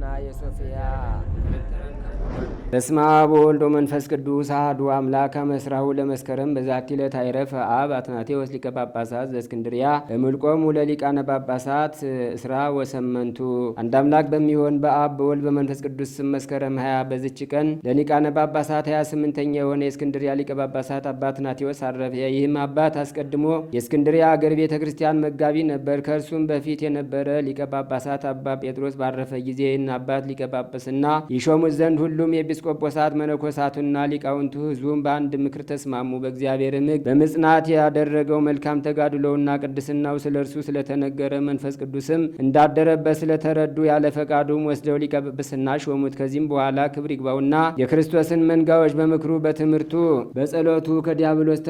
Sayyidina Yusufiyah በስመ አብ ወወልድ ወመንፈስ ቅዱስ አሐዱ አምላክ አመስራሁ ለመስከረም በዛቲ ዕለት አይረፈ አብ አትናቴዎስ ሊቀ ጳጳሳት ዘእስክንድርያ በምልቆም ለሊቃነ ጳጳሳት እስራ ወሰመንቱ። አንድ አምላክ በሚሆን በአብ በወልድ በመንፈስ ቅዱስ ስም መስከረም ሀያ በዝች ቀን ለሊቃነ ጳጳሳት ሀያ ስምንተኛ የሆነ የእስክንድርያ ሊቀ ጳጳሳት አባ አትናቴዎስ አረፈ። ይህም አባት አስቀድሞ የእስክንድርያ አገር ቤተ ክርስቲያን መጋቢ ነበር። ከእርሱም በፊት የነበረ ሊቀ ጳጳሳት አባ ጴጥሮስ ባረፈ ጊዜ ይህን አባት ሊቀ ጳጳስና ይሾሙት ዘንድ ሁሉም የቢ ኤጲስ መነኮሳቱና ሊቃውንቱ ህዝቡን በአንድ ምክር ተስማሙ። በእግዚአብሔር ምግ በምጽናት ያደረገው መልካም ተጋድሎውና ቅድስናው ስለ እርሱ ስለተነገረ መንፈስ ቅዱስም እንዳደረበት ስለተረዱ ያለ ፈቃዱም ወስደው ሊቀ ጵጵስና ሾሙት። ከዚህም በኋላ ክብር ይግባውና የክርስቶስን መንጋዎች በምክሩ በትምህርቱ በጸሎቱ ከዲያብሎስ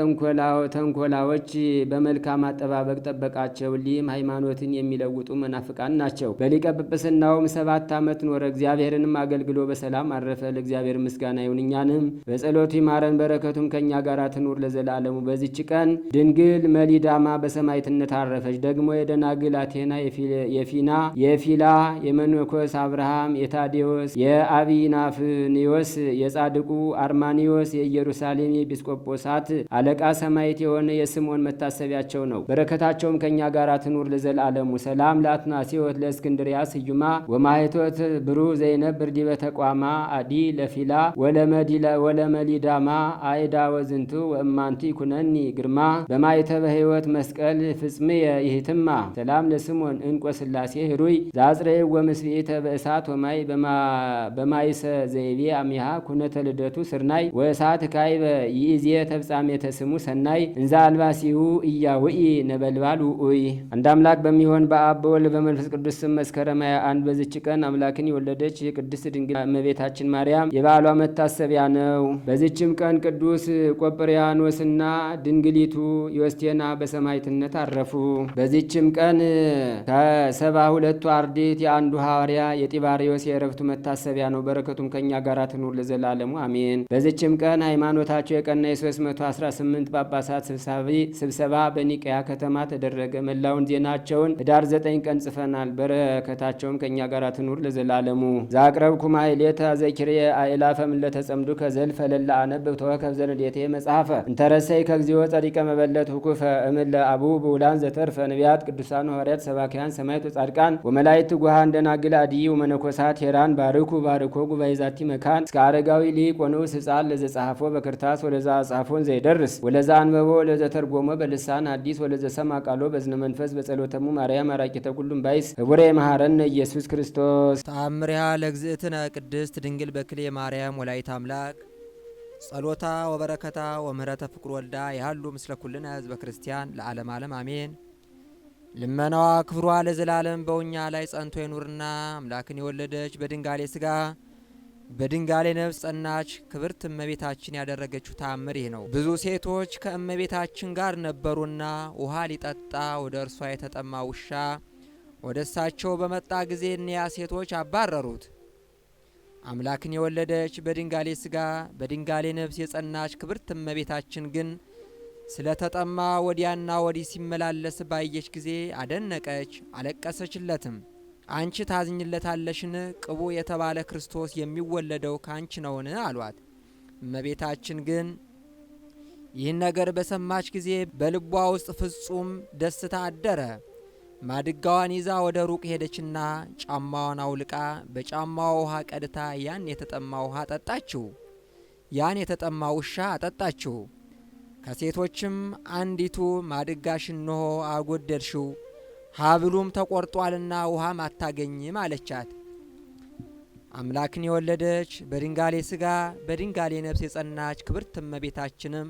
ተንኮላዎች በመልካም አጠባበቅ ጠበቃቸው። ሊህም ሃይማኖትን የሚለውጡ መናፍቃን ናቸው። በሊቀ ጵጵስናውም ሰባት ዓመት ኖረ። እግዚአብሔርንም አገልግሎ በሰላም አረፈ። ለእግዚአብሔር ምስጋና ይሁን። እኛንም በጸሎቱ ይማረን፣ በረከቱም ከእኛ ጋር ትኑር ለዘላለሙ። በዚች ቀን ድንግል መሊዳማ በሰማይትነት አረፈች። ደግሞ የደናግል አቴና፣ የፊና፣ የፊላ፣ የመኖኮስ አብርሃም፣ የታዴዎስ፣ የአቢናፍኒዮስ፣ የጻድቁ አርማኒዮስ፣ የኢየሩሳሌም የኤጲስቆጶሳት አለቃ ሰማይት የሆነ የስምዖን መታሰቢያቸው ነው። በረከታቸውም ከእኛ ጋር ትኑር ለዘላለሙ። ሰላም ለአትናሲዎት ለእስክንድሪያ ስዩማ ወማይቶት ብሩ ዘይነብ ብርዲ በተቋማ አዲ ለፊላ ወለመሊዳማ አይዳ ወዝንቱ ወእማንቲ ኩነኒ ግርማ በማይተበ ህይወት መስቀል ፍጽምየ ይህትማ ሰላም ለስሞን እንቆ ስላሴ ህሩይ ዛጽረይ ወምስብኤተ በእሳት ወማይ በማይሰ ዘይቤ አሚሃ ኩነተ ልደቱ ስርናይ ወእሳት ካይበ ይእዜ ተፍጻሜተ ስሙ ሰናይ እንዛ አልባሲሁ እያውኢ ነበልባል ውኡይ አንድ አምላክ በሚሆን በአብ በወልድ በመንፈስ ቅዱስ ስም መስከረም ሃያ አንድ በዝች ቀን አምላክን የወለደች የቅድስት ድንግል እመቤታችን ማርያም የበዓሏ መታሰቢያ ነው። በዚችም ቀን ቅዱስ ቆጵርያኖስና ድንግሊቱ ዮስቴና በሰማይትነት አረፉ። በዚችም ቀን ከሰባ ሁለቱ አርዴት የአንዱ ሐዋርያ የጢባሪዮስ የእረፍቱ መታሰቢያ ነው። በረከቱም ከእኛ ጋር ትኑር ለዘላለሙ አሜን። በዚችም ቀን ሃይማኖታቸው የቀና የ318 ጳጳሳት ስብሰባ በኒቀያ ከተማ ተደረገ። መላውን ዜናቸውን ህዳር ዘጠኝ ቀን ጽፈናል። በረከታቸውም ከእኛ ጋር ትኑር ለዘላለሙ ዛቅረብኩማ ሌታ ዘኪሬ ኢላፈም ለተጸምዱ ከዘልፈ ለላ አነብብ ተወከብ ዘንዴቴ መጽሐፈ እንተረሰይ ከእግዚኦ ጸዲቀ መበለት ሁኩፈ እምለ አቡ ብውላን ዘተርፈ ነቢያት ቅዱሳን ሐዋርያት ሰባኪያን ሰማይቱ ጻድቃን ወመላይት ጉሃ እንደናግል አድይ ወመነኮሳት ሄራን ባርኩ ባርኮ ጉባኤ ዛቲ መካን እስከ አረጋዊ ሊቅ ወንዑስ ሕፃን ለዘጻሐፎ በክርታስ ወለዛ አጻፎን ዘይደርስ ወለዛ አንበቦ ለዘተርጎሞ በልሳን አዲስ ወለዘሰማ ቃሎ በዝነ መንፈስ በጸሎተሙ ማርያም አራቂተ ሁሉም ባይስ ህቡሬ መሐረነ ኢየሱስ ክርስቶስ ተአምሪሃ ለእግዝእትነ ቅድስት ድንግል በክሌ ማርያም ወላይት አምላክ ጸሎታ ወበረከታ ወምህረተ ፍቅር ወልዳ ያሉ ምስለ ኩልነ ህዝበ ክርስቲያን ለዓለም ዓለም አሜን። ልመናዋ ክብሯ ለዘላለም በእኛ ላይ ጸንቶ ይኑርና አምላክን የወለደች በድንጋሌ ስጋ በድንጋሌ ነፍስ ጸናች ክብርት እመቤታችን ያደረገችው ታምር ይህ ነው። ብዙ ሴቶች ከእመቤታችን ጋር ነበሩና ውሃ ሊጠጣ ወደ እርሷ የተጠማ ውሻ ወደ እሳቸው በመጣ ጊዜ እኒያ ሴቶች አባረሩት። አምላክን የወለደች በድንጋሌ ስጋ በድንጋሌ ነፍስ የጸናች ክብርት እመቤታችን ግን ስለ ተጠማ ወዲያና ወዲህ ሲመላለስ ባየች ጊዜ አደነቀች፣ አለቀሰችለትም። አንቺ ታዝኝለታለሽን? ቅቡ የተባለ ክርስቶስ የሚወለደው ካንቺ ነውን? አሏት። እመቤታችን ግን ይህን ነገር በሰማች ጊዜ በልቧ ውስጥ ፍጹም ደስታ አደረ። ማድጋዋን ይዛ ወደ ሩቅ ሄደችና ጫማዋን አውልቃ በጫማዋ ውሃ ቀድታ ያን የተጠማ ውሃ አጠጣችው። ያን የተጠማ ውሻ አጠጣችው። ከሴቶችም አንዲቱ ማድጋሽ እንሆ አጎደልሽው፣ ሀብሉም ተቆርጧልና ውሃም አታገኝም አለቻት። አምላክን የወለደች በድንጋሌ ስጋ በድንጋሌ ነፍስ የጸናች ክብርት እመቤታችንም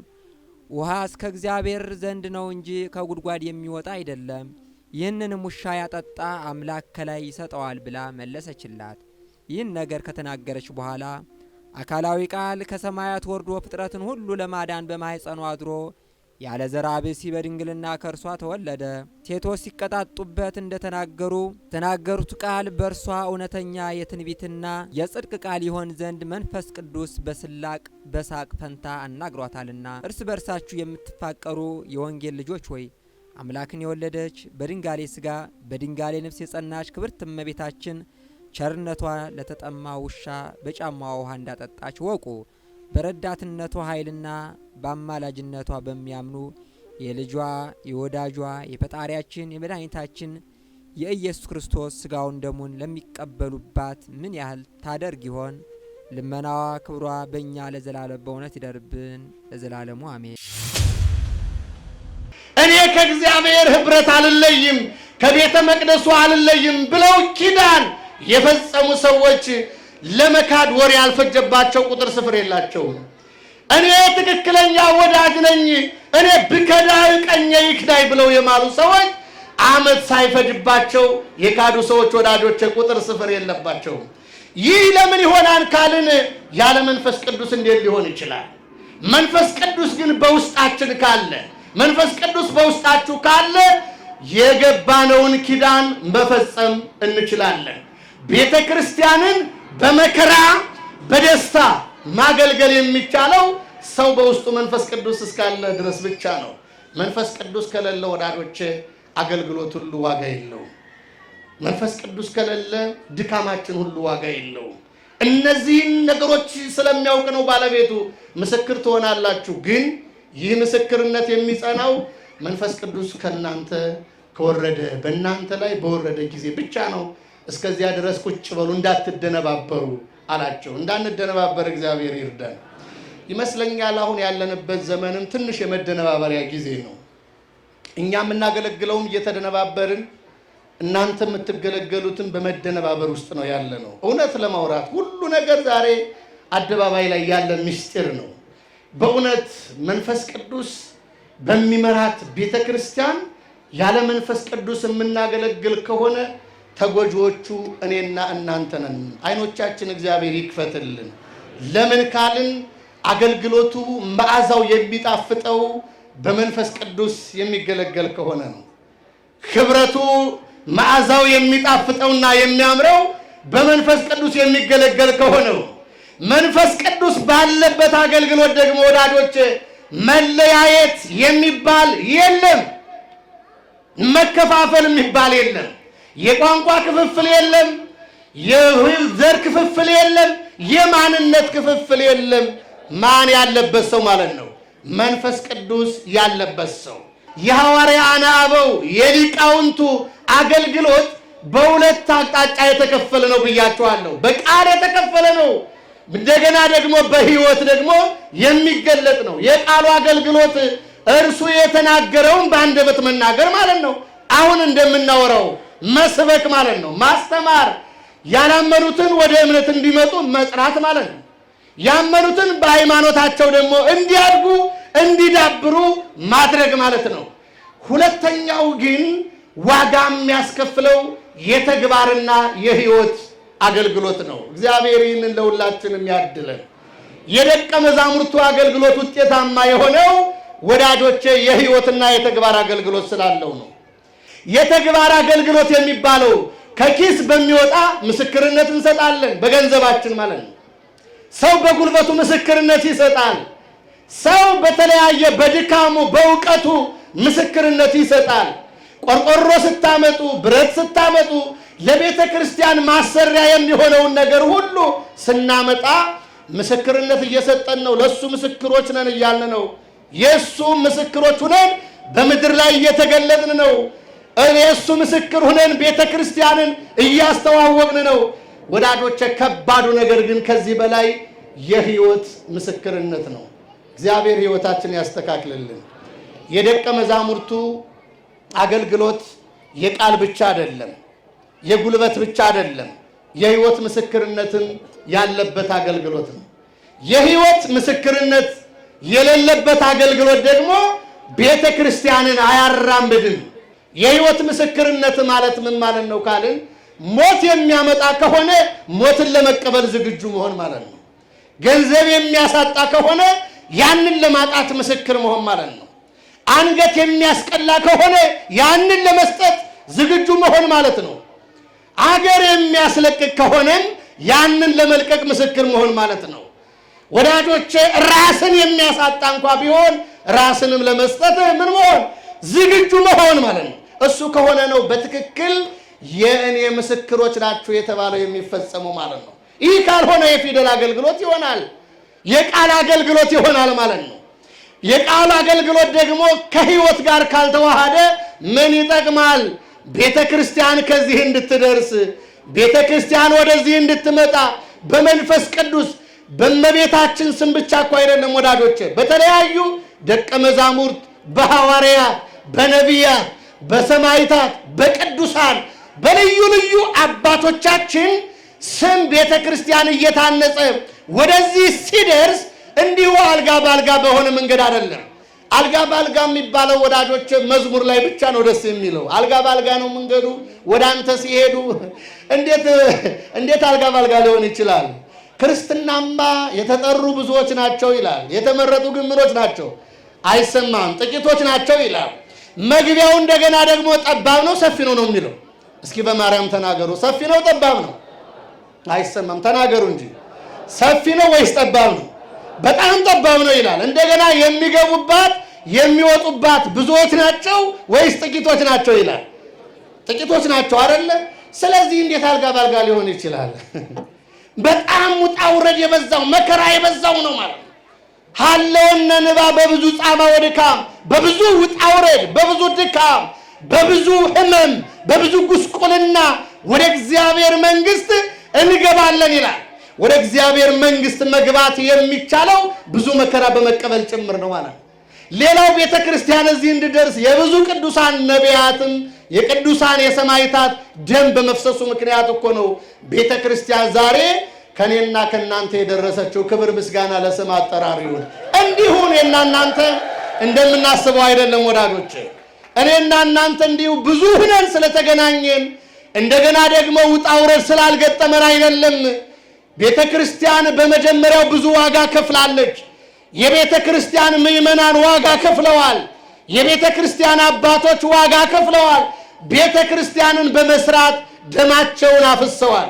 ውሃ እስከ እግዚአብሔር ዘንድ ነው እንጂ ከጉድጓድ የሚወጣ አይደለም ይህንንም ውሻ ያጠጣ አምላክ ከላይ ይሰጠዋል ብላ መለሰችላት። ይህን ነገር ከተናገረች በኋላ አካላዊ ቃል ከሰማያት ወርዶ ፍጥረትን ሁሉ ለማዳን በማኅፀኑ አድሮ ያለ ዘራ ብእሲ በድንግልና ከእርሷ ተወለደ። ሴቶች ሲቀጣጡበት እንደተናገሩ የተናገሩት ቃል በእርሷ እውነተኛ የትንቢትና የጽድቅ ቃል ይሆን ዘንድ መንፈስ ቅዱስ በስላቅ በሳቅ ፈንታ አናግሯታልና። እርስ በርሳችሁ የምትፋቀሩ የወንጌል ልጆች ሆይ አምላክን የወለደች በድንጋሌ ስጋ በድንጋሌ ነፍስ የጸናች ክብርት እመቤታችን ቸርነቷ ለተጠማ ውሻ በጫማዋ ውሃ እንዳጠጣች ወቁ። በረዳትነቷ ኃይልና በአማላጅነቷ በሚያምኑ የልጇ የወዳጇ የፈጣሪያችን የመድኃኒታችን የኢየሱስ ክርስቶስ ስጋውን ደሙን ለሚቀበሉባት ምን ያህል ታደርግ ይሆን? ልመናዋ ክብሯ በእኛ ለዘላለም በእውነት ይደርብን። ለዘላለሙ አሜን። እኔ ከእግዚአብሔር ኅብረት አልለይም፣ ከቤተ መቅደሱ አልለይም ብለው ኪዳን የፈጸሙ ሰዎች ለመካድ ወር ያልፈጀባቸው ቁጥር ስፍር የላቸውም። እኔ ትክክለኛ ወዳጅ ነኝ፣ እኔ ብከዳ ቀኜ ይክዳይ ብለው የማሉ ሰዎች ዓመት ሳይፈጅባቸው የካዱ ሰዎች ወዳጆች ቁጥር ስፍር የለባቸውም። ይህ ለምን ይሆናል ካልን ያለ መንፈስ ቅዱስ እንዴት ሊሆን ይችላል? መንፈስ ቅዱስ ግን በውስጣችን ካለ መንፈስ ቅዱስ በውስጣችሁ ካለ የገባነውን ኪዳን መፈጸም እንችላለን። ቤተ ክርስቲያንን በመከራ በደስታ ማገልገል የሚቻለው ሰው በውስጡ መንፈስ ቅዱስ እስካለ ድረስ ብቻ ነው። መንፈስ ቅዱስ ከሌለ ወዳጆቼ አገልግሎት ሁሉ ዋጋ የለውም። መንፈስ ቅዱስ ከሌለ ድካማችን ሁሉ ዋጋ የለውም። እነዚህን ነገሮች ስለሚያውቅ ነው ባለቤቱ ምስክር ትሆናላችሁ ግን ይህ ምስክርነት የሚጸናው መንፈስ ቅዱስ ከእናንተ ከወረደ በእናንተ ላይ በወረደ ጊዜ ብቻ ነው። እስከዚያ ድረስ ቁጭ በሉ እንዳትደነባበሩ አላቸው። እንዳንደነባበር እግዚአብሔር ይርዳን። ይመስለኛል አሁን ያለንበት ዘመንም ትንሽ የመደነባበሪያ ጊዜ ነው። እኛ የምናገለግለውም እየተደነባበርን እናንተ የምትገለገሉትን በመደነባበር ውስጥ ነው ያለ ነው። እውነት ለማውራት ሁሉ ነገር ዛሬ አደባባይ ላይ ያለ ምስጢር ነው። በእውነት መንፈስ ቅዱስ በሚመራት ቤተ ክርስቲያን ያለ መንፈስ ቅዱስ የምናገለግል ከሆነ ተጎጂዎቹ እኔና እናንተ ነን። አይኖቻችን እግዚአብሔር ይክፈትልን። ለምን ካልን አገልግሎቱ መዓዛው የሚጣፍጠው በመንፈስ ቅዱስ የሚገለገል ከሆነ ነው። ክብረቱ መዓዛው የሚጣፍጠውና የሚያምረው በመንፈስ ቅዱስ የሚገለገል ከሆነው መንፈስ ቅዱስ ባለበት አገልግሎት ደግሞ ወዳጆች መለያየት የሚባል የለም። መከፋፈል የሚባል የለም። የቋንቋ ክፍፍል የለም። የዘር ክፍፍል የለም። የማንነት ክፍፍል የለም። ማን ያለበት ሰው ማለት ነው? መንፈስ ቅዱስ ያለበት ሰው። የሐዋርያን አበው የሊቃውንቱ አገልግሎት በሁለት አቅጣጫ የተከፈለ ነው ብያችኋለሁ። በቃል የተከፈለ ነው። እንደገና ደግሞ በህይወት ደግሞ የሚገለጥ ነው። የቃሉ አገልግሎት እርሱ የተናገረውን በአንደበት መናገር ማለት ነው። አሁን እንደምናወራው መስበክ ማለት ነው። ማስተማር ያላመኑትን ወደ እምነት እንዲመጡ መጽራት ማለት ነው። ያመኑትን በሃይማኖታቸው ደግሞ እንዲያድጉ እንዲዳብሩ ማድረግ ማለት ነው። ሁለተኛው ግን ዋጋ የሚያስከፍለው የተግባርና የህይወት አገልግሎት ነው። እግዚአብሔር ይህንን ለሁላችንም ያድለን። የደቀ መዛሙርቱ አገልግሎት ውጤታማ የሆነው ወዳጆቼ የህይወትና የተግባር አገልግሎት ስላለው ነው። የተግባር አገልግሎት የሚባለው ከኪስ በሚወጣ ምስክርነት እንሰጣለን፣ በገንዘባችን ማለት ነው። ሰው በጉልበቱ ምስክርነት ይሰጣል። ሰው በተለያየ በድካሙ በእውቀቱ ምስክርነት ይሰጣል። ቆርቆሮ ስታመጡ፣ ብረት ስታመጡ ለቤተ ክርስቲያን ማሰሪያ የሚሆነውን ነገር ሁሉ ስናመጣ ምስክርነት እየሰጠን ነው። ለእሱ ምስክሮች ነን እያልን ነው። የእሱ ምስክሮች ሁነን በምድር ላይ እየተገለጥን ነው። የእሱ ምስክር ሁነን ቤተ ክርስቲያንን እያስተዋወቅን ነው። ወዳጆቼ፣ ከባዱ ነገር ግን ከዚህ በላይ የህይወት ምስክርነት ነው። እግዚአብሔር ህይወታችን ያስተካክልልን። የደቀ መዛሙርቱ አገልግሎት የቃል ብቻ አይደለም። የጉልበት ብቻ አይደለም፣ የህይወት ምስክርነትን ያለበት አገልግሎት ነው። የህይወት ምስክርነት የሌለበት አገልግሎት ደግሞ ቤተ ክርስቲያንን አያራምድም። የህይወት ምስክርነት ማለት ምን ማለት ነው ካልን ሞት የሚያመጣ ከሆነ ሞትን ለመቀበል ዝግጁ መሆን ማለት ነው። ገንዘብ የሚያሳጣ ከሆነ ያንን ለማጣት ምስክር መሆን ማለት ነው። አንገት የሚያስቀላ ከሆነ ያንን ለመስጠት ዝግጁ መሆን ማለት ነው። አገር የሚያስለቅቅ ከሆነም ያንን ለመልቀቅ ምስክር መሆን ማለት ነው። ወዳጆቼ ራስን የሚያሳጣ እንኳ ቢሆን ራስንም ለመስጠት ምን መሆን ዝግጁ መሆን ማለት ነው። እሱ ከሆነ ነው በትክክል የእኔ ምስክሮች ናችሁ የተባለው የሚፈጸመው ማለት ነው። ይህ ካልሆነ የፊደል አገልግሎት ይሆናል፣ የቃል አገልግሎት ይሆናል ማለት ነው። የቃል አገልግሎት ደግሞ ከህይወት ጋር ካልተዋሃደ ምን ይጠቅማል? ቤተ ክርስቲያን ከዚህ እንድትደርስ ቤተ ክርስቲያን ወደዚህ እንድትመጣ በመንፈስ ቅዱስ በመቤታችን ስም ብቻ እኮ አይደለም ወዳጆች በተለያዩ ደቀ መዛሙርት፣ በሐዋርያት፣ በነቢያት፣ በሰማይታት፣ በቅዱሳን በልዩ ልዩ አባቶቻችን ስም ቤተ ክርስቲያን እየታነጸ ወደዚህ ሲደርስ እንዲሁ አልጋ በአልጋ በሆነ መንገድ አይደለም። አልጋ በአልጋ የሚባለው ወዳጆች መዝሙር ላይ ብቻ ነው ደስ የሚለው። አልጋ በአልጋ ነው መንገዱ ወደ አንተ ሲሄዱ። እንዴት እንዴት አልጋ በአልጋ ሊሆን ይችላል? ክርስትናማ የተጠሩ ብዙዎች ናቸው ይላል። የተመረጡ ግምሮች ናቸው አይሰማም፣ ጥቂቶች ናቸው ይላል። መግቢያው እንደገና ደግሞ ጠባብ ነው ሰፊ ነው ነው የሚለው። እስኪ በማርያም ተናገሩ። ሰፊ ነው ጠባብ ነው? አይሰማም። ተናገሩ እንጂ ሰፊ ነው ወይስ ጠባብ ነው? በጣም ጠባብ ነው ይላል። እንደገና የሚገቡባት የሚወጡባት ብዙዎች ናቸው ወይስ ጥቂቶች ናቸው ይላል። ጥቂቶች ናቸው አይደለ? ስለዚህ እንዴት አልጋ ባልጋ ሊሆን ይችላል? በጣም ውጣ ውረድ የበዛው መከራ የበዛው ነው ማለት ነው። ንባ በብዙ ጻማ ወድካም፣ በብዙ ውጣ ውረድ፣ በብዙ ድካም፣ በብዙ ህመም በብዙ ጉስቁልና ወደ እግዚአብሔር መንግስት እንገባለን ይላል። ወደ እግዚአብሔር መንግስት መግባት የሚቻለው ብዙ መከራ በመቀበል ጭምር ነው ማለት ሌላው ቤተ ክርስቲያን እዚህ እንድደርስ የብዙ ቅዱሳን ነቢያትም የቅዱሳን የሰማይታት ደም በመፍሰሱ ምክንያት እኮ ነው ቤተ ክርስቲያን ዛሬ ከኔና ከእናንተ የደረሰችው። ክብር ምስጋና ለስም አጠራር ይሁን። እንዲሁ እኔና እናንተ እንደምናስበው አይደለም ወዳጆች። እኔና እናንተ እንዲሁ ብዙ ስለተገናኘን እንደገና ደግሞ ውጣ ውረድ ስላልገጠመን አይደለም ቤተ ክርስቲያን በመጀመሪያው ብዙ ዋጋ ከፍላለች። የቤተ ክርስቲያን ምዕመናን ዋጋ ከፍለዋል። የቤተ ክርስቲያን አባቶች ዋጋ ከፍለዋል። ቤተ ክርስቲያንን በመስራት ደማቸውን አፍሰዋል።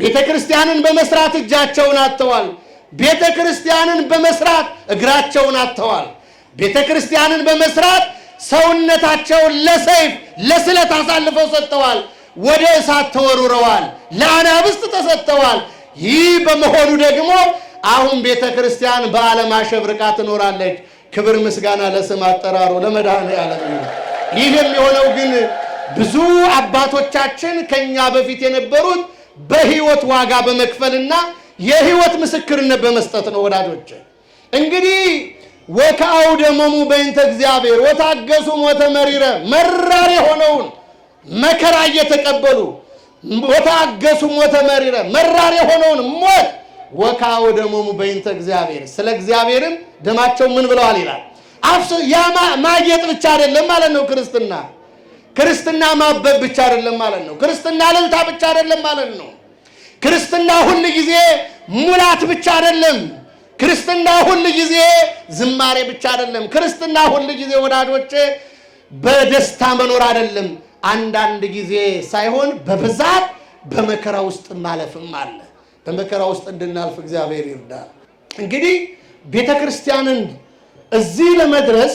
ቤተ ክርስቲያንን በመስራት እጃቸውን አጥተዋል። ቤተ ክርስቲያንን በመስራት እግራቸውን አጥተዋል። ቤተ ክርስቲያንን በመስራት ሰውነታቸውን ለሰይፍ ለስለት አሳልፈው ሰጥተዋል። ወደ እሳት ተወርውረዋል። ለአናብስት ተሰጥተዋል። ይህ በመሆኑ ደግሞ አሁን ቤተ ክርስቲያን በዓለም አሸብርቃ ትኖራለች። ክብር ምስጋና ለስም አጠራሩ ለመድኃኔዓለም። ይህ የሚሆነው ግን ብዙ አባቶቻችን ከኛ በፊት የነበሩት በህይወት ዋጋ በመክፈልና የህይወት ምስክርነት በመስጠት ነው። ወዳጆች እንግዲህ ወከአው ደመሙ በእንተ እግዚአብሔር ወታገሱም ወተመሪረ መራር የሆነውን መከራ እየተቀበሉ ሞተ አገሱ ሞተ መሪረ መራር የሆነውን ሞት ወካው ደሞሙ በእንተ እግዚአብሔር ስለ እግዚአብሔርም ደማቸው ምን ብለዋል ይላል። አፍሱ ያ ማጌጥ ብቻ አይደለም ማለት ነው። ክርስትና ክርስትና ማበብ ብቻ አይደለም ማለት ነው። ክርስትና ልልታ ብቻ አይደለም ማለት ነው። ክርስትና ሁል ጊዜ ሙላት ብቻ አይደለም። ክርስትና ሁል ጊዜ ዝማሬ ብቻ አይደለም። ክርስትና ሁል ጊዜ ወዳጆቼ በደስታ መኖር አይደለም። አንዳንድ ጊዜ ሳይሆን በብዛት በመከራ ውስጥ ማለፍም አለ። በመከራ ውስጥ እንድናልፍ እግዚአብሔር ይርዳል። እንግዲህ ቤተ ክርስቲያንን እዚህ ለመድረስ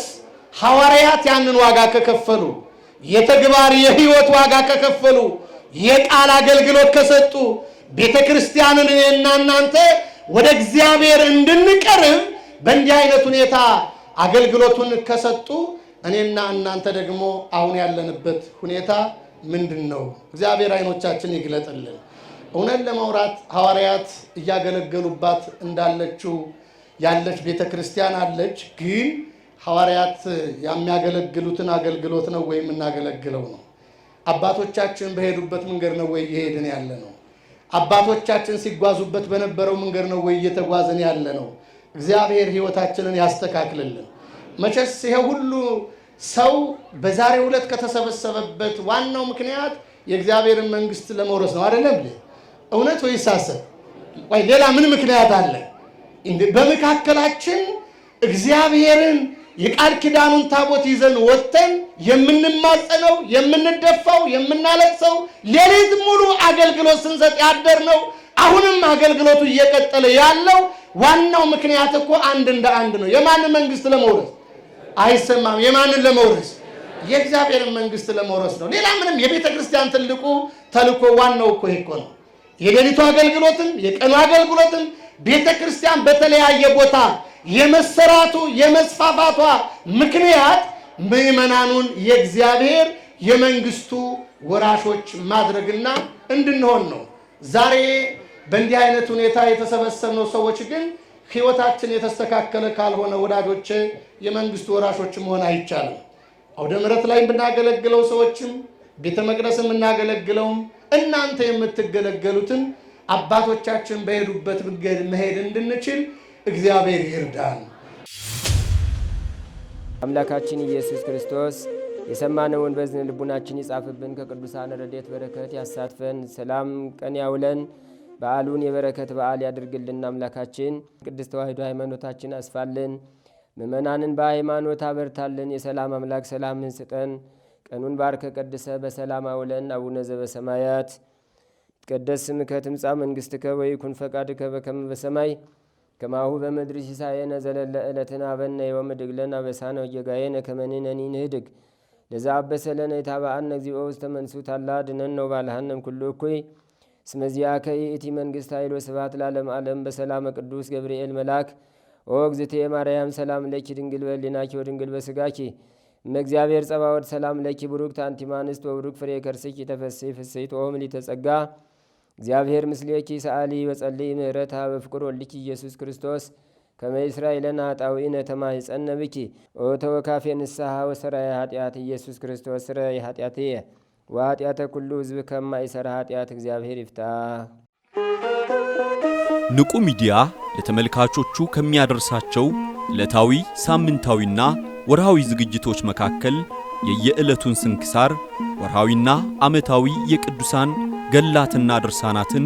ሐዋርያት ያንን ዋጋ ከከፈሉ፣ የተግባር የህይወት ዋጋ ከከፈሉ፣ የቃል አገልግሎት ከሰጡ፣ ቤተ ክርስቲያንን እኔና እናንተ ወደ እግዚአብሔር እንድንቀርብ በእንዲህ አይነት ሁኔታ አገልግሎቱን ከሰጡ እኔና እናንተ ደግሞ አሁን ያለንበት ሁኔታ ምንድን ነው? እግዚአብሔር አይኖቻችን ይግለጥልን። እውነት ለማውራት ሐዋርያት እያገለገሉባት እንዳለችው ያለች ቤተ ክርስቲያን አለች። ግን ሐዋርያት የሚያገለግሉትን አገልግሎት ነው ወይም የምናገለግለው ነው? አባቶቻችን በሄዱበት መንገድ ነው ወይ እየሄድን ያለ ነው? አባቶቻችን ሲጓዙበት በነበረው መንገድ ነው ወይ እየተጓዝን ያለ ነው? እግዚአብሔር ሕይወታችንን ያስተካክልልን። መቼስ ይሄ ሁሉ ሰው በዛሬ ዕለት ከተሰበሰበበት ዋናው ምክንያት የእግዚአብሔርን መንግስት ለመውረስ ነው አይደለም? እውነት ወይ ሳሰብ ወይ ሌላ ምን ምክንያት አለ? በመካከላችን እግዚአብሔርን የቃል ኪዳኑን ታቦት ይዘን ወጥተን የምንማጸነው የምንደፋው የምናለቅሰው ሌሊት ሙሉ አገልግሎት ስንሰጥ ያደር ነው። አሁንም አገልግሎቱ እየቀጠለ ያለው ዋናው ምክንያት እኮ አንድ እንደ አንድ ነው። የማን መንግስት ለመውረስ አይሰማም። የማንን ለመውረስ? የእግዚአብሔርን መንግስት ለመውረስ ነው። ሌላ ምንም የቤተ ክርስቲያን ትልቁ ተልኮ ዋናው እኮ ይሄ እኮ ነው። የሌሊቱ አገልግሎትም የቀኑ አገልግሎትም ቤተ ክርስቲያን በተለያየ ቦታ የመሰራቱ የመስፋፋቷ ምክንያት ምዕመናኑን የእግዚአብሔር የመንግስቱ ወራሾች ማድረግና እንድንሆን ነው። ዛሬ በእንዲህ አይነት ሁኔታ የተሰበሰብነው ሰዎች ግን ህይወታችን የተስተካከለ ካልሆነ ወዳጆቼ የመንግስቱ ወራሾች መሆን አይቻልም። አውደ ምረት ላይ ብናገለግለው ሰዎችም ቤተ መቅደስ የምናገለግለውም እናንተ የምትገለገሉትን አባቶቻችን በሄዱበት መሄድ እንድንችል እግዚአብሔር ይርዳን። አምላካችን ኢየሱስ ክርስቶስ የሰማነውን በዝን ልቡናችን ይጻፍብን፣ ከቅዱሳን ረድኤት በረከት ያሳትፈን፣ ሰላም ቀን ያውለን። በዓሉን የበረከት በዓል ያድርግልን። አምላካችን ቅድስት ተዋሕዶ ሃይማኖታችን አስፋልን፣ ምእመናንን በሃይማኖት አበርታልን። የሰላም አምላክ ሰላምን ስጠን። ቀኑን ባርከ ቀድሰ በሰላም አውለን። አቡነ ዘበሰማያት ይትቀደስ ስምከ ትምጻእ መንግሥትከ ወይኩን ፈቃድከ በከመ በሰማይ ከማሁ በምድር ሲሳየነ ዘለለ ዕለትነ ሀበነ ዮም ወኅድግ ለነ አበሳነ ወጌጋየነ ከመ ንሕነኒ ንኅድግ ለዘ አበሰ ለነ ኢታብአነ እግዚኦ ውስተ መንሱት አላ አድኅነነ ወባልሐነ እምኩሉ እኩይ ስመዚያ ከይእቲ መንግስት ኃይሎ ስብሐት ለዓለም ዓለም በሰላም ቅዱስ ገብርኤል መልአክ ኦ እግዝእቴ ማርያም ሰላም ለኪ ድንግል በሊናኪ ወድንግል በስጋኪ እመእግዚአብሔር ጸባወድ ሰላም ለኪ ብሩክት አንቲ እምአንስት ወብሩክ ፍሬ ከርስኪ ተፈሴ ፍሥሕት ኦም ሊተጸጋ እግዚአብሔር ምስሌኪ ሰአሊ በጸልይ ምህረታ በፍቅር ወልኪ ኢየሱስ ክርስቶስ ከመ ይስራኤለነ ኃጣውኢነ ተማኅፀነ ብኪ ኦ ተወካፌ ንስሐ ወሰራይ ኃጢአት ኢየሱስ ክርስቶስ ስረ የኃጢአት እየ ወኃጢአተ ኩሉ ህዝብ ከማይሠራ ኃጢአት እግዚአብሔር ይፍታ። ንቁ ሚዲያ ለተመልካቾቹ ከሚያደርሳቸው ዕለታዊ ሳምንታዊና ወርሃዊ ዝግጅቶች መካከል የየዕለቱን ስንክሳር ወርሃዊና ዓመታዊ የቅዱሳን ገላትና ድርሳናትን